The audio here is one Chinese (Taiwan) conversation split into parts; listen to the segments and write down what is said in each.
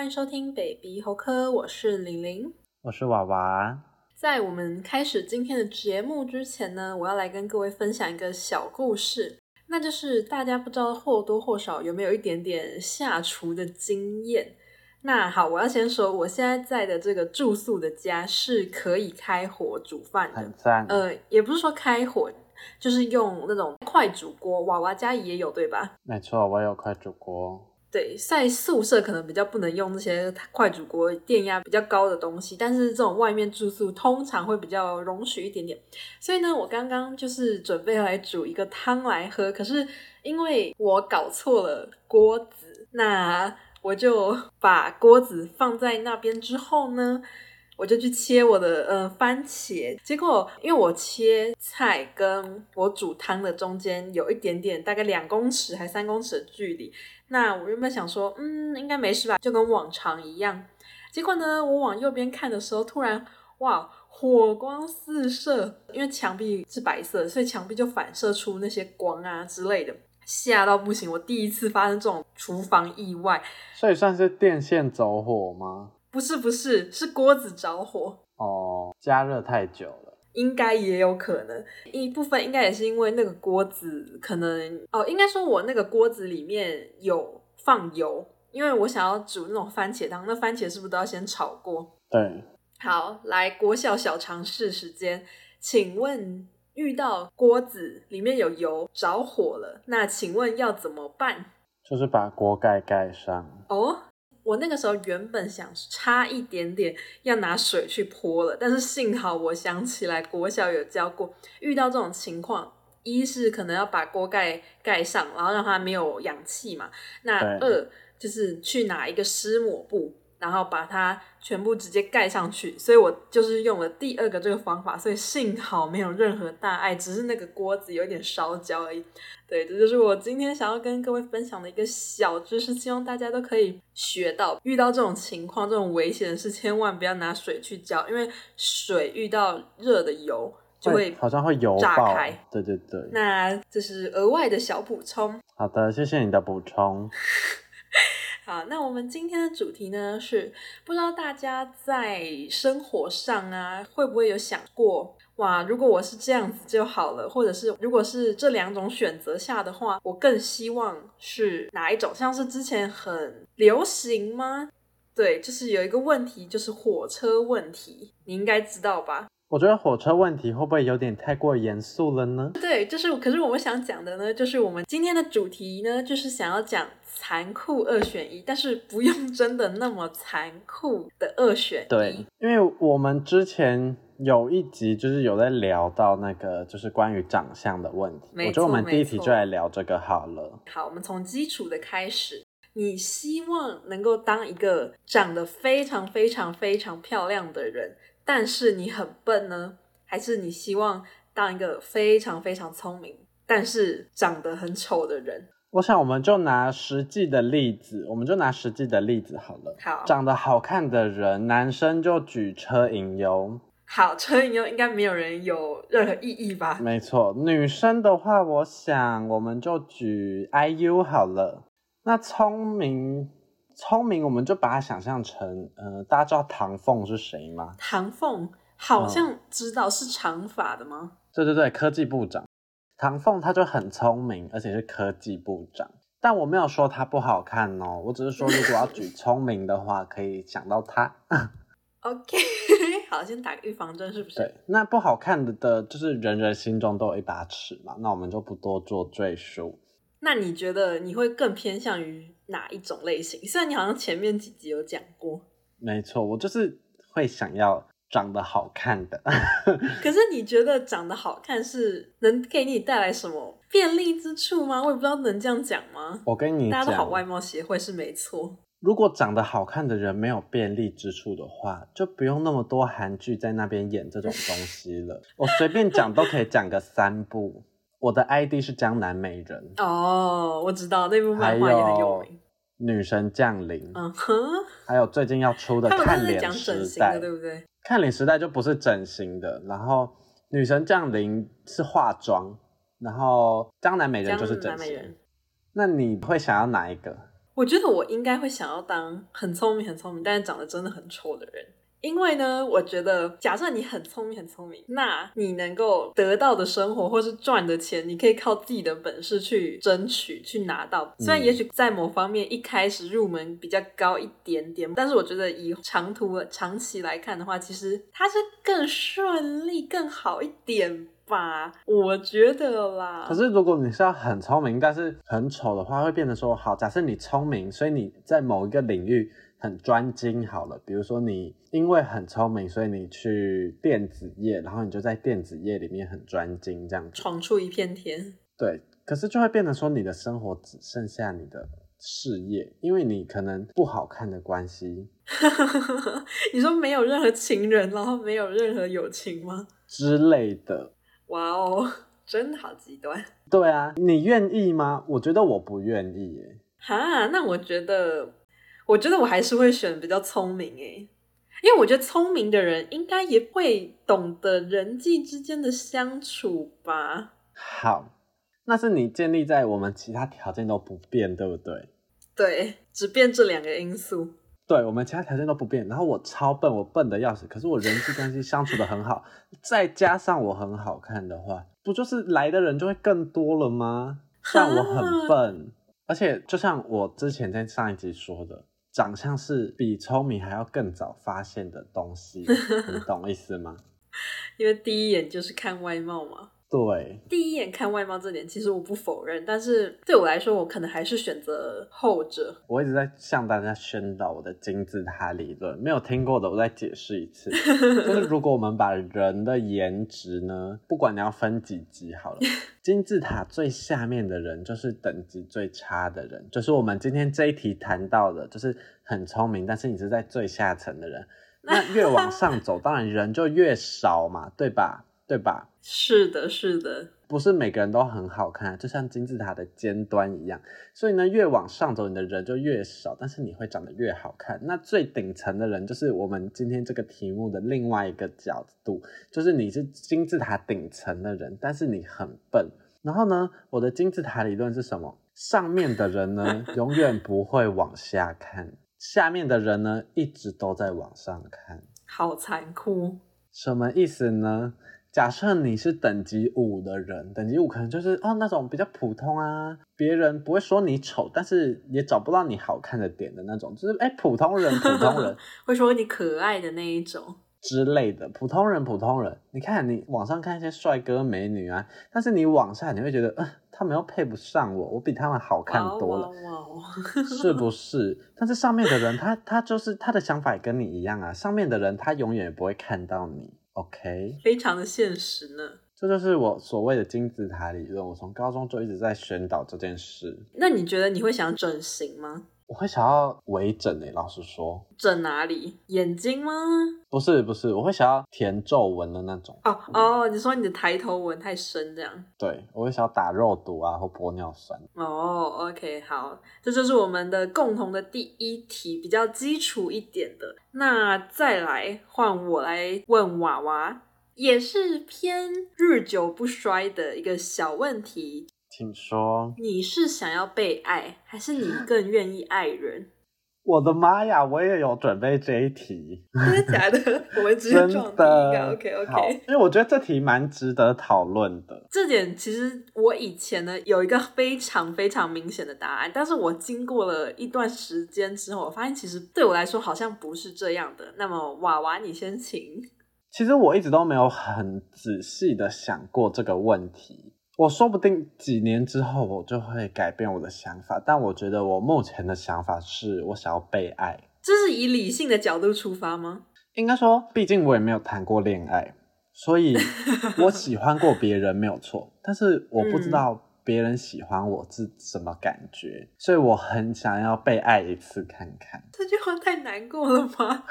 歡迎收聽 baby 猴科，我是玲玲，我是娃娃。在我們開始今天的節目之前呢，我要來跟各位分享一個小故事，那就是大家不知道或多或少有沒有一點點下廚的經驗。那好，我要先說我現在在的這個住宿的家是可以開火煮飯的，很讚。呃，也不是說開火，就是用那種快煮鍋，娃娃家也有對吧？沒錯，我也有快煮鍋。對，在宿舍可能比較不能用那些快煮鍋、電壓比較高的東西。但是這種外面住宿通常會比較容許一點點。所以呢，我剛剛就是準備來煮一個湯來喝，可是因為我搞錯了鍋子，那我就把鍋子放在那邊之後呢。我就去切我的呃、番茄，結果因為我切菜跟我煮湯的中間有一點點，大概兩公尺還三公尺的距離。那我原本想說，嗯，應該沒事吧，就跟往常一樣。結果呢，我往右邊看的時候，突然哇，火光四射，因為牆壁是白色，所以牆壁就反射出那些光啊之類的，嚇到不行。我第一次發生這種廚房意外，所以算是電線走火嗎？不是不是，是鍋子着火哦，加熱太久了，應該也有可能，一部分應該也是因為那個鍋子可能哦，應該說我那個鍋子裡面有放油，因為我想要煮那種番茄湯，那番茄是不是都要先炒過？對，好來，國小小嘗試時間，請問遇到鍋子裡面有油着火了，那請問要怎麼辦？就是把鍋蓋蓋上哦。我那個時候原本想差一點點要拿水去潑了，但是幸好我想起來國小有教過，遇到這種情況，一是可能要把鍋蓋蓋上，然後讓它沒有氧氣嘛，那二就是去拿一個濕抹布。對然後把它全部直接蓋上去，所以我就是用了第二個這個方法，所以幸好沒有任何大礙，只是那個鍋子有點燒焦而已。對，這就是我今天想要跟各位分享的一個小知識，希望大家都可以學到。遇到這種情況，這種危險的事，千萬不要拿水去澆，因為水遇到熱的油就會，會好像會油炸開。對對對，那這是額外的小補充。好的，謝謝你的補充。 好，那我們今天的主題呢是不知道大家在生活上啊會不會有想過哇？如果我是這樣子就好了，或者是如果是這兩種選擇下的話，我更希望是哪一種？像是之前很流行嗎？對，就是有一個問題，就是火車問題，你應該知道吧？我覺得火車問題會不會有點太過嚴肅了呢？對，就是可是我們想講的呢，就是我們今天的主題呢，就是想要講。殘酷二選一，但是不用真的那麼殘酷的二選一。對，因為我們之前有一集就是有在聊到那個就是關於長相的問題，沒錯，我覺得我們第一題就來聊這個好了。好，我們從基礎的開始。你希望能夠當一個長得非常非常非常漂亮的人，但是你很笨呢？還是你希望當一個非常非常聰明，但是長得很醜的人？我想我們就拿實際的例子，我們就拿實際的例子好了。好，長得好看的人，男生就舉車銀優。好，車銀優應該沒有人有任何異議吧？沒錯，女生的話，我想我們就舉 IU 好了。那聰明，聰明，我們就把它想象成，呃，大家知道唐鳳是誰嗎？唐鳳好像知道是長髮的嗎？嗯。對對對，科技部長。唐鳳他就很聰明，而且是科技部長。但我沒有說他不好看哦，喔，我只是說如果要舉聰明的話， 可以想到他。 OK， 好，先打個預防針，是不是？對，那不好看的，的就是人人心中都有一把尺嘛。那我們就不多做贅述。那你覺得你會更偏向於哪一種類型？雖然你好像前面幾集有講過，沒錯，我就是會想要。長得好看的 ，可是你覺得長得好看是能給你帶來什麼便利之處嗎？我也不知道能這樣講嗎？我跟你講，大家都好外貌協會是沒錯。如果長得好看的人沒有便利之處的話，就不用那麼多韓劇在那邊演這種東西了。 我隨便講都可以講個三部。我的 ID 是江南美人哦，我知道那部漫畫也很有名，還有女神降臨，嗯哼，還有最近要出的看臉時代，是講整形的對不對？看臉時代就不是整形的，然後女神降臨是化妝，然後江南美人就是整形。江南美人。那你會想要哪一個？我覺得我應該會想要當很聰明很聰明，但是長得真的很醜的人。因為呢，我覺得，假設你很聰明，很聰明，那你能夠得到的生活或是賺的錢，你可以靠自己的本事去爭取，去拿到。雖然也許在某方面一開始入門比較高一點點，但是我覺得以長途長期來看的話，其實它是更順利、更好一點吧，我覺得啦。可是如果你是要很聰明，但是很醜的話，會變得說，好，假設你聰明，所以你在某一個領域。很專精好了，比如說你因為很聰明，所以你去電子業，然後你就在電子業裡面很專精，這樣子闖出一片天。對，可是就會變得說你的生活只剩下你的事業，因為你可能不好看的關係。 你說沒有任何情人，然後沒有任何友情嗎？之類的。哇哦，真的好極端。對啊，你願意嗎？我覺得我不願意耶。哈，那我覺得。我覺得我還是會選比較聰明誒，因為我覺得聰明的人應該也會懂得人際之間的相處吧。好，那是你建立在我們其他條件都不變，對不對？對，只變這兩個因素。對，我們其他條件都不變。然後我超笨，我笨得要死，可是我人際關係相處得很好， 再加上我很好看的話，不就是來的人就會更多了嗎？但我很笨， 而且就像我之前在上一集說的。長相是比聰明還要更早發現的東西，你懂意思嗎？ 因為第一眼就是看外貌嘛。對，第一眼看外貌這點，其實我不否認，但是對我來說，我可能還是選擇後者。我一直在向大家宣導我的金字塔理論，沒有聽過的我再解釋一次， 就是如果我們把人的顏值呢，不管你要分幾級好了， 金字塔最下面的人就是等級最差的人，就是我們今天這一題談到的，就是很聰明，但是你是在最下層的人。那越往上走， 當然人就越少嘛，對吧？對吧？是的，是的，不是每個人都很好看，就像金字塔的尖端一樣。所以呢，越往上走，你的人就越少，但是你會長得越好看。那最頂層的人，就是我們今天這個題目的另外一個角度，就是你是金字塔頂層的人，但是你很笨。然後呢，我的金字塔理論是什麼？上面的人呢， 永遠不會往下看，下面的人呢，一直都在往上看。好殘酷！什麼意思呢？假設你是等級五的人，等級五可能就是哦，那種比較普通啊，別人不會說你醜，但是也找不到你好看的點的那種，就是哎普通人普通人 會說你可愛的那一種之類的，普通人普通人，你看你網上看一些帥哥美女啊，但是你網上你會覺得，嗯、呃、他們又配不上我，我比他們好看多了，wow, wow, wow. 是不是？但是上面的人他他就是他的想法也跟你一樣啊，上面的人他永遠也不會看到你。OK，非常的現實呢。這就是我所謂的金字塔理論。我從高中就一直在宣導這件事。那你覺得你會想整形嗎？我會想要微整誒，老實說，整哪裡？眼睛嗎？不是，不是，我會想要填皺紋的那種。哦哦，你說你的抬頭紋太深，這樣？對，我會想要打肉毒啊，或玻尿酸。哦，OK，好，這就是我們的共同的第一題，比較基礎一點的。那再來換我來問娃娃，也是偏日久不衰的一個小問題。你說你是想要被愛，還是你更願意愛人？我的媽呀，我也有準備這一題，真的 假的，我們直接撞第一個，OK, OK。因為我覺得這題蠻值得討論的。這點其實我以前呢有一個非常非常明顯的答案，但是我經過了一段時間之後，我發現其實對我來說好像不是這樣的。那麼，娃娃，你先請。其實我一直都沒有很仔細的想過這個問題。我說不定幾年之後我就會改變我的想法，但我覺得我目前的想法是我想要被愛。這是以理性的角度出發嗎？應該說，畢竟我也沒有談過戀愛，所以我喜歡過別人沒有錯， 但是我不知道別人喜歡我是什麼感覺，嗯、所以我很想要被愛一次看看。這句話太難過了嗎？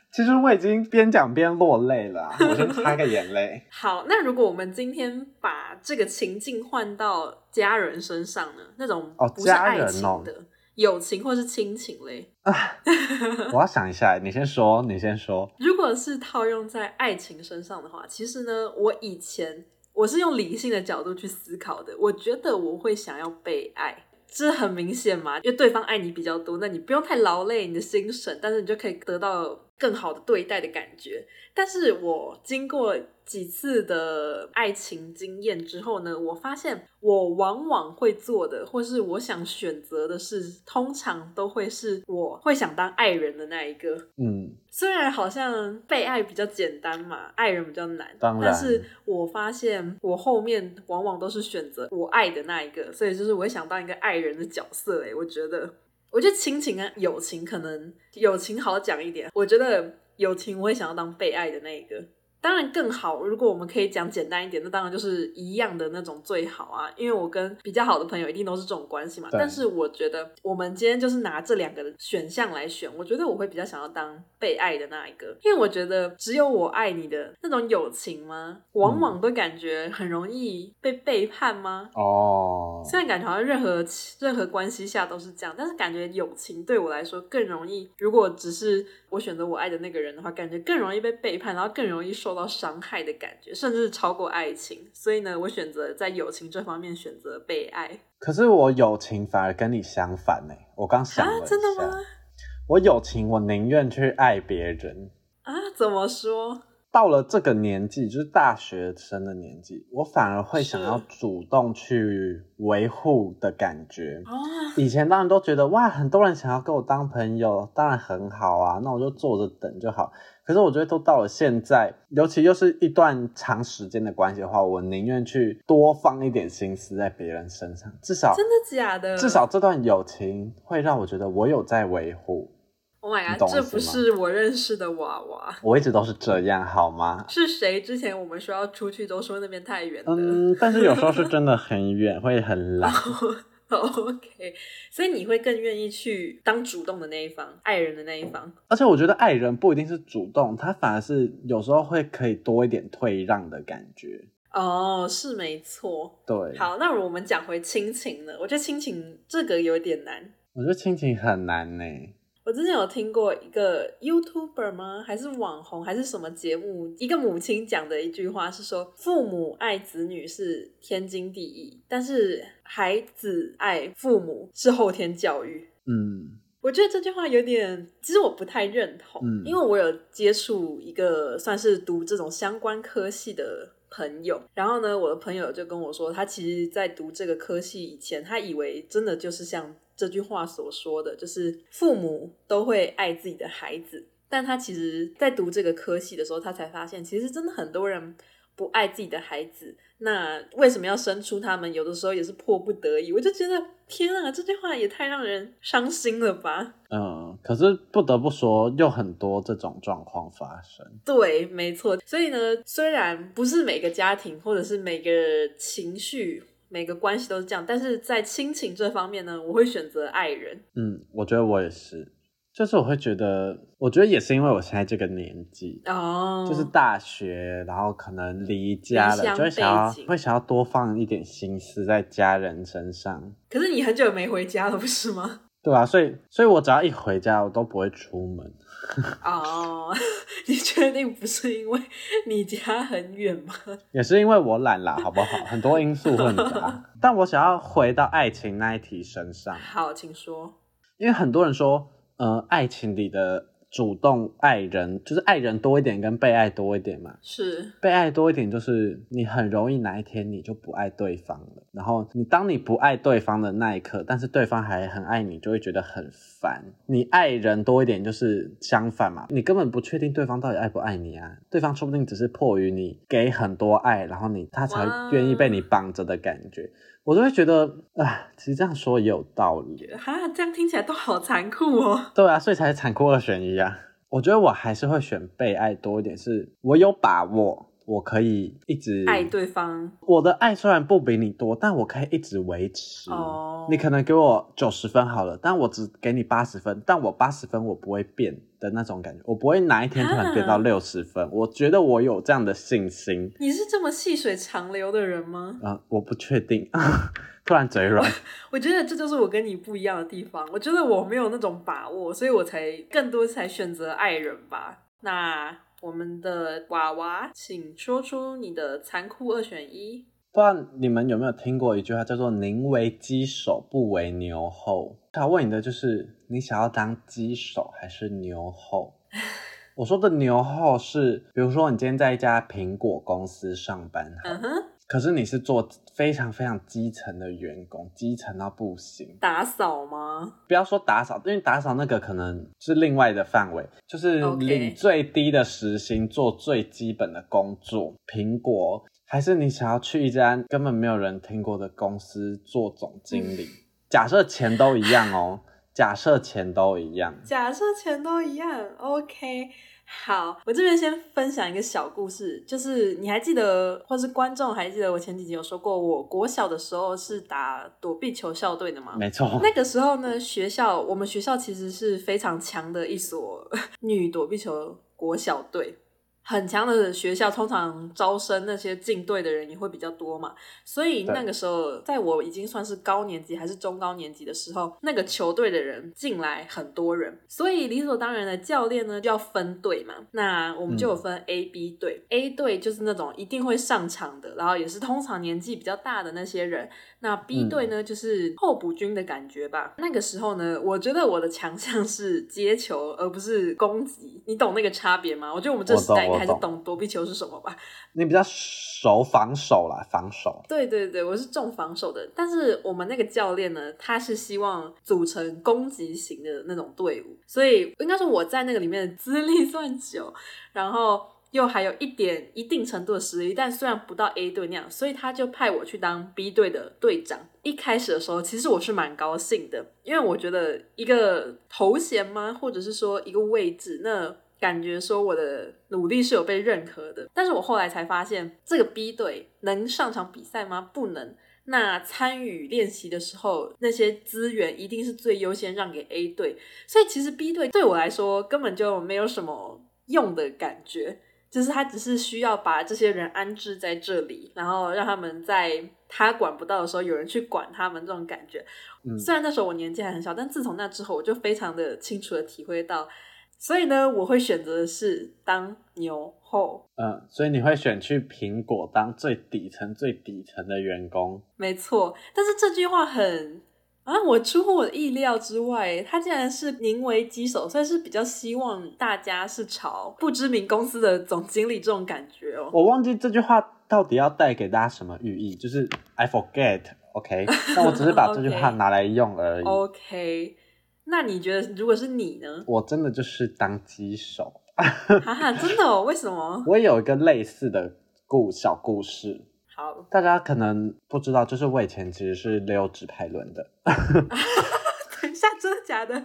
其實我已經邊講邊落淚了，我就擦個眼淚。 好，那如果我們今天把這個情境換到家人身上呢？那種哦，不是愛情的、家人哦、友情或是親情類啊， 我要想一下，你先說，你先說。如果是套用在愛情身上的話，其實呢，我以前我是用理性的角度去思考的。我覺得我會想要被愛，這很明顯嘛，因為對方愛你比較多，那你不用太勞累你的心神，但是你就可以得到。更好的對待的感覺，但是我經過幾次的愛情經驗之後呢，我發現我往往會做的，或是我想選擇的事，通常都會是我會想當愛人的那一個。嗯，雖然好像被愛比較簡單嘛，愛人比較難。當然，但是我發現我後面往往都是選擇我愛的那一個，所以就是我想當一個愛人的角色、欸。誒我覺得。我覺得親情啊、友情可能友情好講一點。我覺得友情，我也想要當被愛的那一個。當然更好。如果我們可以講簡單一點，那當然就是一樣的那種最好啊。因為我跟比較好的朋友一定都是這種關係嘛。對但是我覺得我們今天就是拿這兩個的選項來選，我覺得我會比較想要當被愛的那一個，因為我覺得只有我愛你的那種友情嗎？往往都感覺很容易被背叛嗎？哦、嗯，現在感覺好像任何任何關係下都是這樣，但是感覺友情對我來說更容易。如果只是我選擇我愛的那個人的話，感覺更容易被背叛，然後更容易受到傷害的感覺，甚至是超過愛情。所以呢，我選擇在友情這方面選擇被愛。可是我友情反而跟你相反呢、欸。我剛想了、啊，真的嗎？我友情，我寧願去愛別人啊？怎麼說？到了這個年紀，就是大學生的年紀，我反而會想要主動去維護的感覺。是以前當然都覺得，哇，很多人想要跟我當朋友，當然很好啊，那我就坐着等就好。可是我覺得都到了現在，尤其又是一段長時間的關係的話，我寧願去多放一點心思在別人身上，至少，真的假的？至少這段友情會讓我覺得我有在維護。Oh my god！這不是我認識的娃娃。我一直都是這樣，好嗎？是誰之前我們說要出去，都說那邊太遠？嗯，但是有時候是真的很遠， 會很懶。Oh, OK，所以你會更願意去當主動的那一方，愛人的那一方。嗯。而且我覺得愛人不一定是主動，他反而是有時候會可以多一點退讓的感覺。哦，oh, 是沒錯。對。好，那我們講回親情了。我覺得親情這個有點難。我覺得親情很難呢，欸。之前有聽過一個 YouTuber 嗎？還是網紅，還是什麼節目？一個母親講的一句話是說：“父母愛子女是天經地義，但是孩子愛父母是後天教育。”嗯，我覺得這句話有點，其實我不太認同。嗯，因為我有接觸一個算是讀這種相關科系的朋友，然後呢，我的朋友就跟我說，他其實，在讀這個科系以前，他以為真的就是像。這句話所說的就是父母都會愛自己的孩子，但他其實，在讀這個科系的時候，他才發現，其實真的很多人不愛自己的孩子。那為什麼要生出他們？有的時候也是迫不得已。我就覺得，天啊，這句話也太讓人傷心了吧。嗯，可是不得不說，有很多這種狀況發生。對，沒錯。所以呢，雖然不是每個家庭，或者是每個情緒，每個關係都是這樣，但是在親情這方面呢，我會選擇愛人。嗯，我覺得我也是，就是我會覺得，我覺得也是因為我現在這個年紀哦，就是大學，然後可能離家了，就會想要，會想要多放一點心思在家人身上。可是你很久沒回家了，不是嗎？對啊？所以，所以我只要一回家，我都不會出門。哦， oh, 你確定不是因為你家很遠嗎？ 也是因為我懶啦，好不好？很多因素混雜， 但我想要回到愛情那一題身上。好，請說。因為很多人說，呃，愛情裡的主動愛人就是愛人多一點，跟被愛多一點嘛。是。被愛多一點，就是你很容易哪一天你就不愛對方了。然後你當你不愛對方的那一刻，但是對方還很愛你，就會覺得很。你愛人多一點就是相反嘛，你根本不確定對方到底愛不愛你啊，對方說不定只是迫於你給很多愛，然後你他才願意被你綁着的感覺哇，我都會覺得啊，其實這樣說也有道理，啊，這樣聽起來都好殘酷哦，對啊，所以才殘酷二選一啊，我覺得我還是會選被愛多一點，是我有把握。我可以一直愛對方，我的愛雖然不比你多，但我可以一直維持。哦，oh. 你可能給我九十分好了，但我只給你八十分，但我八十分我不會變的那種感覺，我不會哪一天突然變到六十分。啊、我覺得我有這樣的信心。你是這麼細水長流的人嗎？啊、嗯，我不確定， 突然嘴軟。我覺得這就是我跟你不一樣的地方。我覺得我沒有那種把握，所以我才更多才選擇愛人吧。那。我們的娃娃，請說出你的殘酷二選一。不知道你們有沒有聽過一句話叫做“寧為雞首，不為牛後”？他問你的就是你想要當雞首還是牛後？ 我說的牛後是，比如說你今天在一家蘋果公司上班，uh huh. 可是你是做非常非常基層的員工，基層到不行，打掃嗎？不要說打掃，因為打掃那個可能是另外的範圍，就是領最低的時薪做最基本的工作。Okay. 蘋果，還是你想要去一家根本沒有人聽過的公司做總經理？嗯，假設錢都一樣哦。 假設錢都一樣，假設錢都一樣，OK，好，我這邊先分享一個小故事，就是你還記得，或是觀眾還記得，我前幾集有說過，我國小的時候是打躲避球校隊的嗎？沒錯，那個時候呢，學校我們學校其實是非常強的一所女躲避球國小隊。很強的學校通常招生，那些進隊的人也會比較多嘛，所以那個時候對在我已經算是高年級還是中高年級的時候，那個球隊的人進來很多人，所以理所當然的教練呢就要分隊嘛。那我們就有分 AB、嗯、A、B 隊，A 隊就是那種一定會上場的，然後也是通常年紀比較大的那些人。那 B 隊呢、嗯、就是候補軍的感覺吧。那個時候呢，我覺得我的強項是接球而不是攻擊，你懂那個差別嗎？我覺得我們這時代。還是懂躲避球是什麼吧？你比較熟防守啦，防守。對對對，我是重防守的。但是我們那個教練呢，他是希望組成攻擊型的那種隊伍，所以應該是我在那個裡面資歷算久，然後又還有一點一定程度的實力，但雖然不到 A 隊那樣，所以他就派我去當 B 隊的隊長。一開始的時候，其實我是蠻高興的，因為我覺得一個頭銜嘛，或者是說一個位置，那。感覺說我的努力是有被認可的，但是我後來才發現，這個 B 隊能上場比賽嗎？不能。那參與練習的時候，那些資源一定是最優先讓給 A 隊。所以其實 B 隊對我來說根本就沒有什麼用的感覺，就是他只是需要把這些人安置在這裡，然後讓他們在他管不到的時候有人去管他們這種感覺。嗯，雖然那時候我年紀還很小，但自從那之後，我就非常的清楚的體會到。所以呢，我會選擇的是當牛後。嗯，所以你會選去蘋果當最底層、最底層的員工。沒錯，但是這句話很啊，我出乎我的意料之外，他竟然是寧為雞首，算是比較希望大家是朝不知名公司的總經理這種感覺哦。我忘記這句話到底要帶給大家什麼寓意，就是 I forget，OK？、Okay? 那我只是把這句話拿來用而已。 OK okay. 那你覺得如果是你呢？我真的就是當機手，哈 哈、啊，真的哦？為什麼？我有一個類似的故小故事。好，大家可能不知道，就是我以前其實是溜直排輪的。 等一下，真的假的？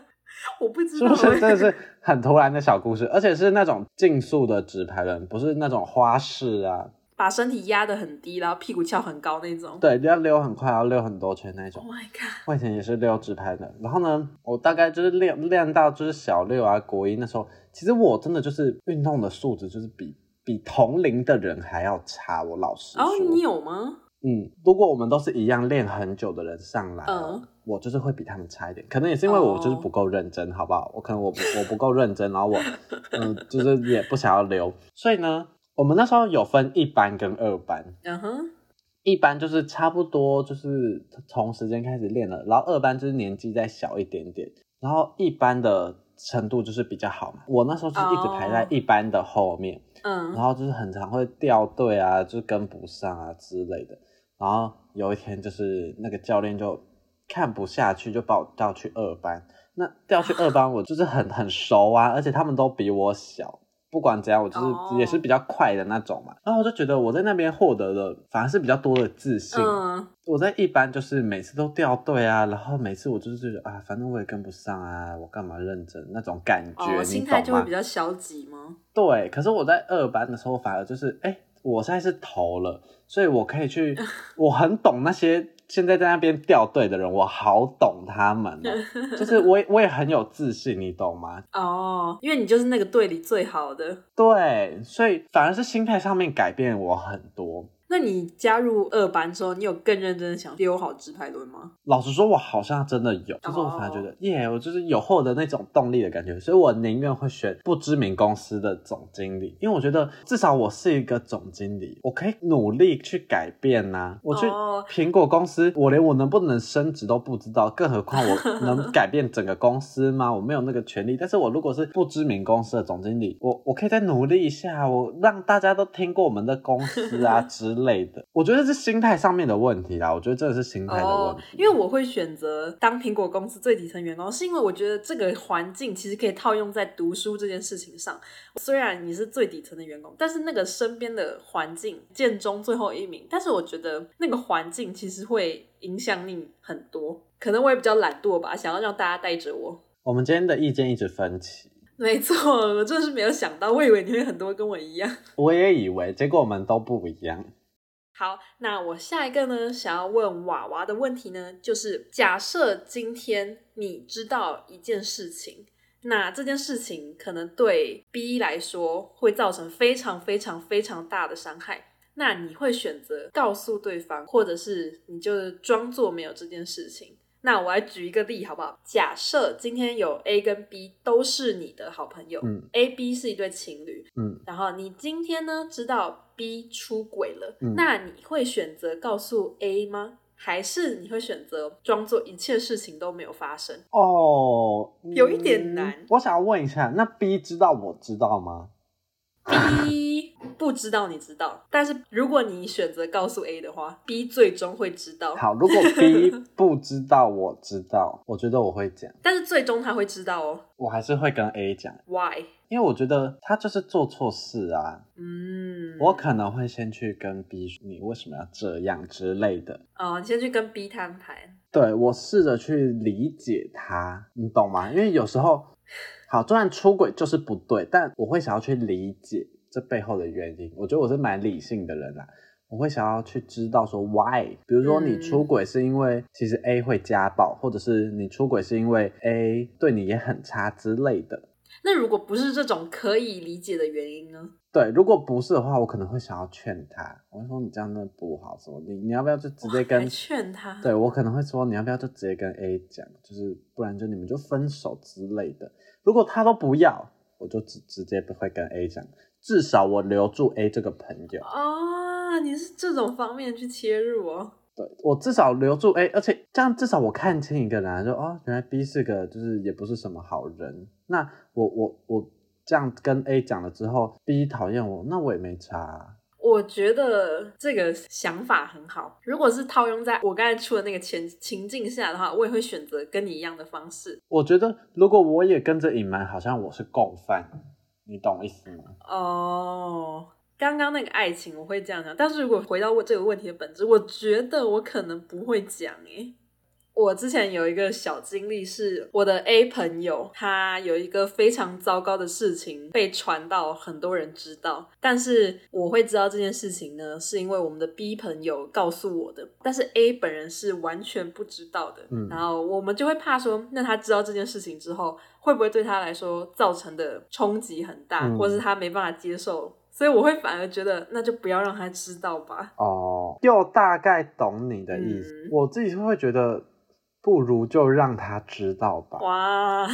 我不知道。是不是真的是很突然的小故事？ 而且是那種競速的直排輪，不是那種花式啊。把身體壓得很低，然後屁股翹很高那種。對，要溜很快，要溜很多圈那種。我我、Oh my God、以前也是溜直排的。然後呢，我大概就是練練到就是小六啊，國一那時候，其實我真的就是運動的素質就是比比同齡的人還要差。我老師哦，oh, 你有嗎？嗯，如果我們都是一樣練很久的人上來，uh, 我就是會比他們差一點。可能也是因為我就是不夠認真，oh. 好不好？我可能我不我不夠認真， 然後我嗯，就是也不想要溜，所以呢。我們那時候有分一班跟二班，嗯哼、uh-huh. 一班就是差不多就是從時間開始練了，然後二班就是年紀再小一點點，然後一班的程度就是比較好嘛。我那時候就是一直排在一班的後面，嗯，oh. 然後就是很常會掉隊啊，就是、跟不上啊之類的。然後有一天就是那個教練就看不下去，就把我調去二班。那調去二班我就是很 很熟啊，而且他們都比我小。不管怎樣，我就是也是比較快的那種嘛。Oh. 然後我就覺得我在那邊獲得的反而是比較多的自信。Uh. 我在一班就是每次都掉隊啊，然後每次我就是覺得啊，反正我也跟不上啊，我幹嘛認真那種感覺？Oh, 你懂嗎？我心態就會比較消極嗎？對，可是我在二班的時候反而就是，哎，我現在是頭了，所以我可以去，uh. 我很懂那些。現在在那邊掉隊的人，我好懂他們啊， 就是我也，我也很有自信，你懂嗎？哦，因為你就是那個隊裡最好的，對，所以反而是心態上面改變我很多。那你加入二班之後，你有更認真的想丟好直排輪嗎？老實說，我好像真的有，就是我反而覺得耶，Oh. Yeah, 我就是有獲得那種動力的感覺，所以我寧願會選不知名公司的總經理，因為我覺得至少我是一個總經理，我可以努力去改變吶、啊。我去蘋果公司，Oh. 我連我能不能升職都不知道，更何況我能改變整個公司嗎？ 我沒有那個權利。但是我如果是不知名公司的總經理，我我可以再努力一下，我讓大家都聽過我們的公司啊，直。 累的，我覺得這是心態上面的問題啦。我覺得這個是心態的問題。Oh, 因為我會選擇當蘋果公司最底層員工，是因為我覺得這個環境其實可以套用在讀書這件事情上。雖然你是最底層的員工，但是那個身邊的環境，建中最後一名，但是我覺得那個環境其實會影響你很多。可能我也比較懶惰吧，想要讓大家帶着我。我們今天的意見一直分歧。沒錯，我真的是沒有想到，我以為你會很多跟我一樣。我也以為，結果我們都不一樣。好，那我下一個呢，想要問娃娃的問題呢，就是假設今天你知道一件事情，那這件事情可能對 B 來說會造成非常非常非常大的傷害，那你會選擇告訴對方，或者是你就裝作沒有這件事情？那我來舉一個例，好不好？假設今天有 A 跟 B 都是你的好朋友，嗯，A、B 是一對情侶，嗯，然後你今天呢知道 B 出軌了，嗯，那你會選擇告訴 A 嗎？還是你會選擇裝作一切事情都沒有發生？哦，有一點難，嗯。我想要問一下，那 B 知道我知道嗎？ B 不知道，你知道，但是如果你選擇告訴 A 的話，B 最終會知道。好，如果 B 不知道，我知道， 我覺得我會講。但是最終他會知道哦。我還是會跟 A 講。Why? Why? 因為我覺得他就是做錯事啊。嗯。我可能會先去跟 B 說，你為什麼要這樣之類的。哦，oh, 你先去跟 B 攤牌。對，我試着去理解他，你懂嗎？因為有時候。 好，就算出軌就是不對，但我會想要去理解這背後的原因。我覺得我是蠻理性的人啦、啊，我會想要去知道說 why。比如說你出軌是因為其實 A 會家暴，嗯、或者是你出軌是因為 A 對你也很差之類的。那如果不是這種可以理解的原因呢？對，如果不是的話，我可能會想要勸他。我會說你這樣的不好說，什麼你你要不要就直接跟勸他？對，我可能會說你要不要就直接跟 A 講，就是不然就你們就分手之類的。如果他都不要，我就直直接不會跟 A 講，至少我留住 A 這個朋友啊、哦！你是這種方面去切入哦？對，我至少留住 A，而且這樣至少我看清一個人、啊，說哦，原來 B 是個就是也不是什麼好人。那我我我這樣跟 A 講了之後，B 討厭我，那我也沒差、啊。我覺得這個想法很好。如果是套用在我剛才出的那個情情境下的話，我也會選擇跟你一樣的方式。我覺得如果我也跟着隱瞞，好像我是共犯，你懂意思嗎？哦，剛剛那個愛情我會這樣講，但是如果回到我這個問題的本質，我覺得我可能不會講誒、欸我之前有一個小經歷，是我的 A 朋友，他有一個非常糟糕的事情被傳到很多人知道，但是我會知道這件事情呢，是因為我們的 B 朋友告訴我的，但是 A 本人是完全不知道的。嗯，然後我們就會怕說，那他知道這件事情之後，會不會對他來說造成的衝擊很大，嗯、或者是他沒辦法接受？所以我會反而覺得，那就不要讓他知道吧。哦，oh, 又大概懂你的意思，嗯、我自己是會覺得。不如就讓他知道吧。哇，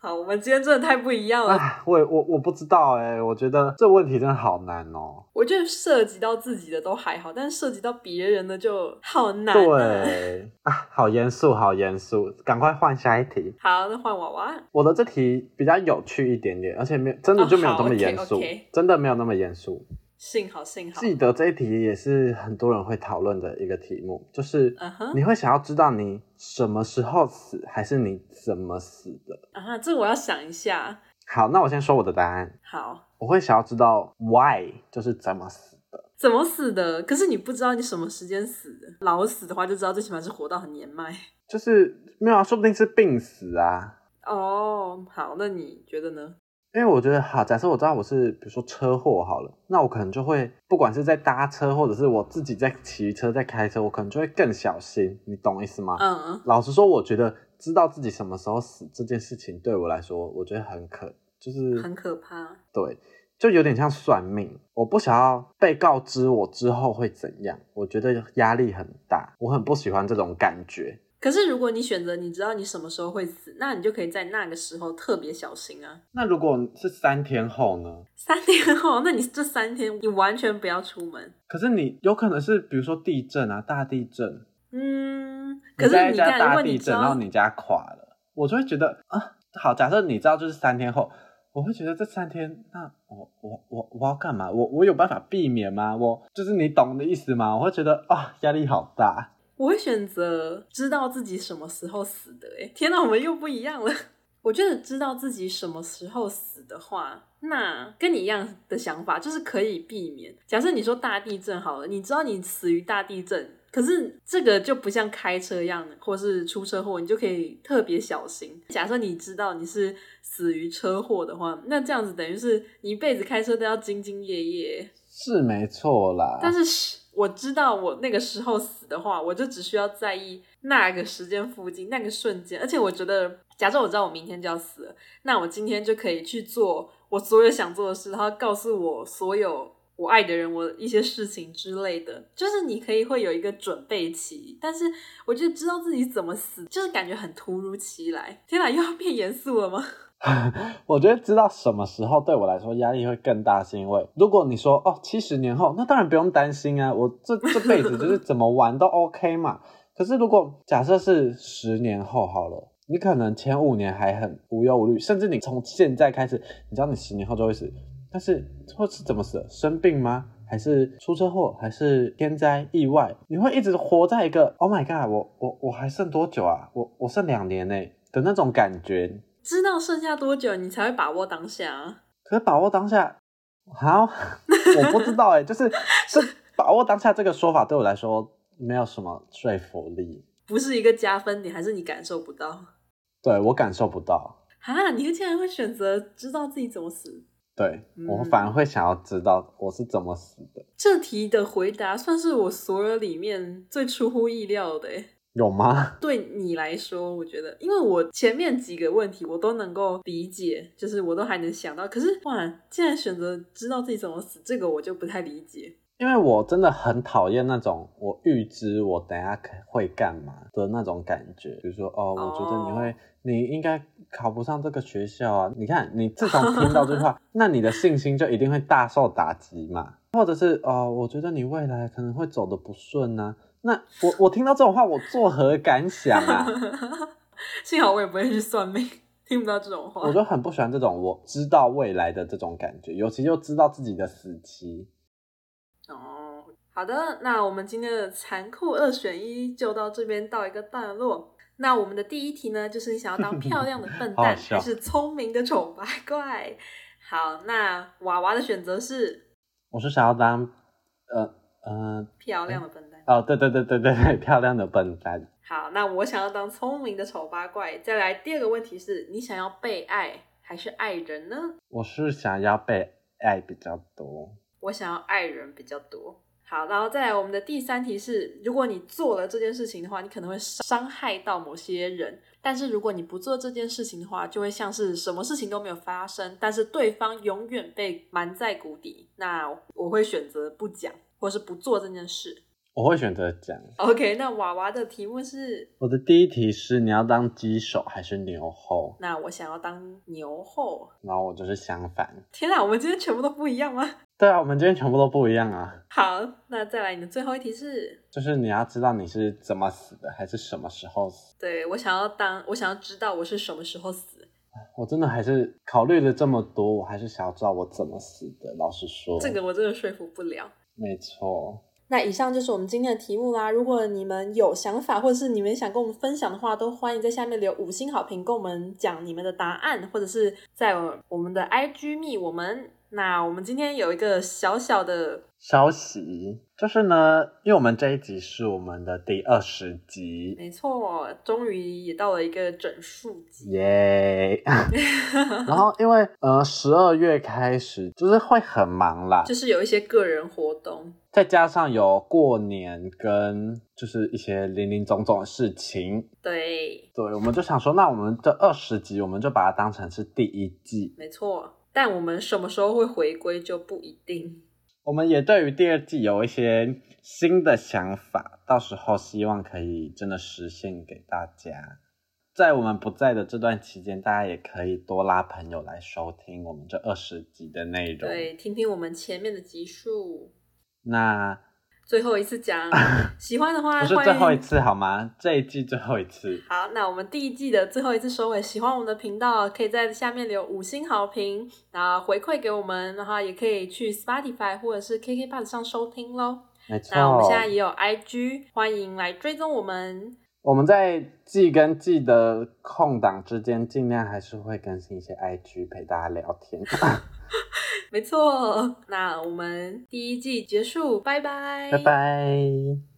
好，我們今天真的太不一樣了。我我我不知道誒、欸、我覺得這問題真的好難哦、喔。我覺得涉及到自己的都還好，但是涉及到別人的就好難。對啊，好嚴肅，好嚴肅，趕快換下一題。好，那換娃娃。我的這題比較有趣一點點，而且沒有真的就沒有那麼嚴肅，哦、真的沒有那麼嚴肅。幸好幸好，記得這一題也是很多人會討論的一個題目，就是你會想要知道你什麼時候死，還是你怎麼死的？啊哈，這我要想一下。好，那我先說我的答案。好，我會想要知道 why，就是怎麼死的？怎麼死的？可是你不知道你什麼時間死的，老死的話就知道，最起碼是活到很年邁。就是沒有啊，說不定是病死啊。哦，oh, 好，那你覺得呢？因為我覺得，哈，假設我知道我是，比如說車禍好了，那我可能就會，不管是在搭車或者是我自己在騎車、在開車，我可能就會更小心。你懂意思嗎？嗯嗯。老實說，我覺得知道自己什麼時候死這件事情，對我來說，我覺得很可，就是很可怕。對，就有點像算命。我不想要被告知我之後會怎樣，我覺得壓力很大，我很不喜歡這種感覺。可是，如果你選擇你知道你什麼時候會死，那你就可以在那個時候特別小心啊。那如果是三天後呢？三天後，那你這三天你完全不要出門。可是你有可能是，比如說地震啊，大地震。嗯。可是你，你家大地震，然後你家垮了，我就會覺得啊，好，假設你知道就是三天後，我會覺得這三天，那我我我我要幹嘛？我我有辦法避免嗎？我就是你懂的意思嗎？我會覺得啊，壓力好大。我會選擇知道自己什麼時候死的，哎，天哪，我們又不一樣了。我覺得知道自己什麼時候死的話，那跟你一樣的想法，就是可以避免。假設你說大地震好了，你知道你死於大地震，可是這個就不像開車一樣，或是出車禍，你就可以特別小心。假設你知道你是死於車禍的話，那這樣子等於是你一輩子開車都要兢兢業業，是沒錯啦。但是。我知道我那個時候死的話，我就只需要在意那個時間附近那個瞬間，而且我覺得，假設我知道我明天就要死了，那我今天就可以去做我所有想做的事，然後告訴我所有我愛的人我一些事情之類的。就是你可以會有一個準備期，但是我就知道自己怎麼死，就是感覺很突如其來。天吶，又要變嚴肅了嗎？ 我覺得知道什麼時候對我來說壓力會更大，是因為如果你說哦，七十年後，那當然不用擔心啊，我這這輩子就是怎麼玩都 OK 嘛。可是如果假設是十年後好了，你可能前五年還很無憂無慮，甚至你從現在開始，你知道你十年後就會死，但是會是怎麼死？生病嗎？還是出車禍？還是天災意外？你會一直活在一個 Oh my god，我我我還剩多久啊？我我剩兩年呢、欸、的那種感覺。知道剩下多久，你才會把握當下？啊？可是把握當下，好， 我不知道哎、欸，就是是 把握當下這個說法對我來說沒有什麼說服力，不是一個加分點，還是你感受不到？對，我感受不到。哈，你會竟然會選擇知道自己怎麼死？對、嗯、我反而會想要知道我是怎麼死的。這題的回答算是我所有裡面最出乎意料的、欸。有嗎？對你來說，我覺得，因為我前面幾個問題我都能夠理解，就是我都還能想到。可是，哇，竟然選擇知道自己怎麼死，這個我就不太理解。因為我真的很討厭那種我預知我等下會幹嘛的那種感覺。比如說，哦，我覺得你會，哦、你應該考不上這個學校啊！你看，你自從聽到這句話， 那你的信心就一定會大受打擊嘛。或者是，哦，我覺得你未來可能會走得不順呢、啊。那我我聽到這種話，我作何感想啊？ 幸好我也不會去算命，聽不到這種話。我就很不喜歡這種我知道未來的這種感覺，尤其又知道自己的死期。哦，oh, 好的，那我們今天的殘酷二選一就到這邊到一個段落。那我們的第一題呢，就是你想要當漂亮的笨蛋 好好笑還是聰明的醜八怪？好，那娃娃的選擇是，我是想要當呃呃漂亮的笨蛋。嗯哦，對對對對對對，漂亮的笨蛋。好，那我想要當聰明的醜八怪。再來第二個問題是你想要被愛還是愛人呢？我是想要被愛比較多，我想要愛人比較多。好，然後再來我們的第三題是：如果你做了這件事情的話，你可能會傷害到某些人；但是如果你不做這件事情的話，就會像是什麼事情都沒有發生。但是對方永遠被埋在谷底。那我會選擇不講，或是不做這件事。我會選擇這樣 OK，那娃娃的題目是？我的第一題是，你要當雞首還是牛後？那我想要當牛後。然後我就是相反。天啊，我們今天全部都不一樣嗎？對啊，我們今天全部都不一樣啊。好，那再來你的最後一題是？就是你要知道你是怎麼死的，還是什麼時候死？對，我想要當，我想要知道我是什麼時候死。我真的還是考慮了這麼多，我還是想要知道我怎麼死的。老實說，這個我真的說服不了。沒錯。那以上就是我們今天的題目啦。如果你們有想法，或者是你們想跟我們分享的話，都歡迎在下面留五星好評，跟我們講你們的答案，或者是在我們的 IG 密我們。那我們今天有一個小小的消息。就是呢，因為我們這一集是我們的第二十集，沒錯，終於也到了一個整數集耶。Yeah. 然後因為呃，十二月開始就是會很忙啦，就是有一些個人活動，再加上有過年跟就是一些零零總總的事情。對，對，我們就想說，那我們這二十集，我們就把它當成是第一季。沒錯。但我們什麼時候會回歸就不一定。我們也對於第二季有一些新的想法，到時候希望可以真的實現給大家。在我們不在的這段期間，大家也可以多拉朋友來收聽我們這二十集的內容，對，聽聽我們前面的集數。那。最後一次講， 喜歡的話不是最後一次好嗎？歡迎。這一季最後一次。好，那我們第一季的最後一次收尾。喜歡我們的頻道，可以在下面留五星好評，然後回饋給我們，然後也可以去 Spotify 或者是 KKBox 上收聽嘍。那沒錯。我們現在也有 IG，歡迎來追蹤我們。我們在季跟季的空檔之間，盡量還是會更新一些 IG，陪大家聊天啊。 沒錯，那我們第一季結束，拜拜，拜拜。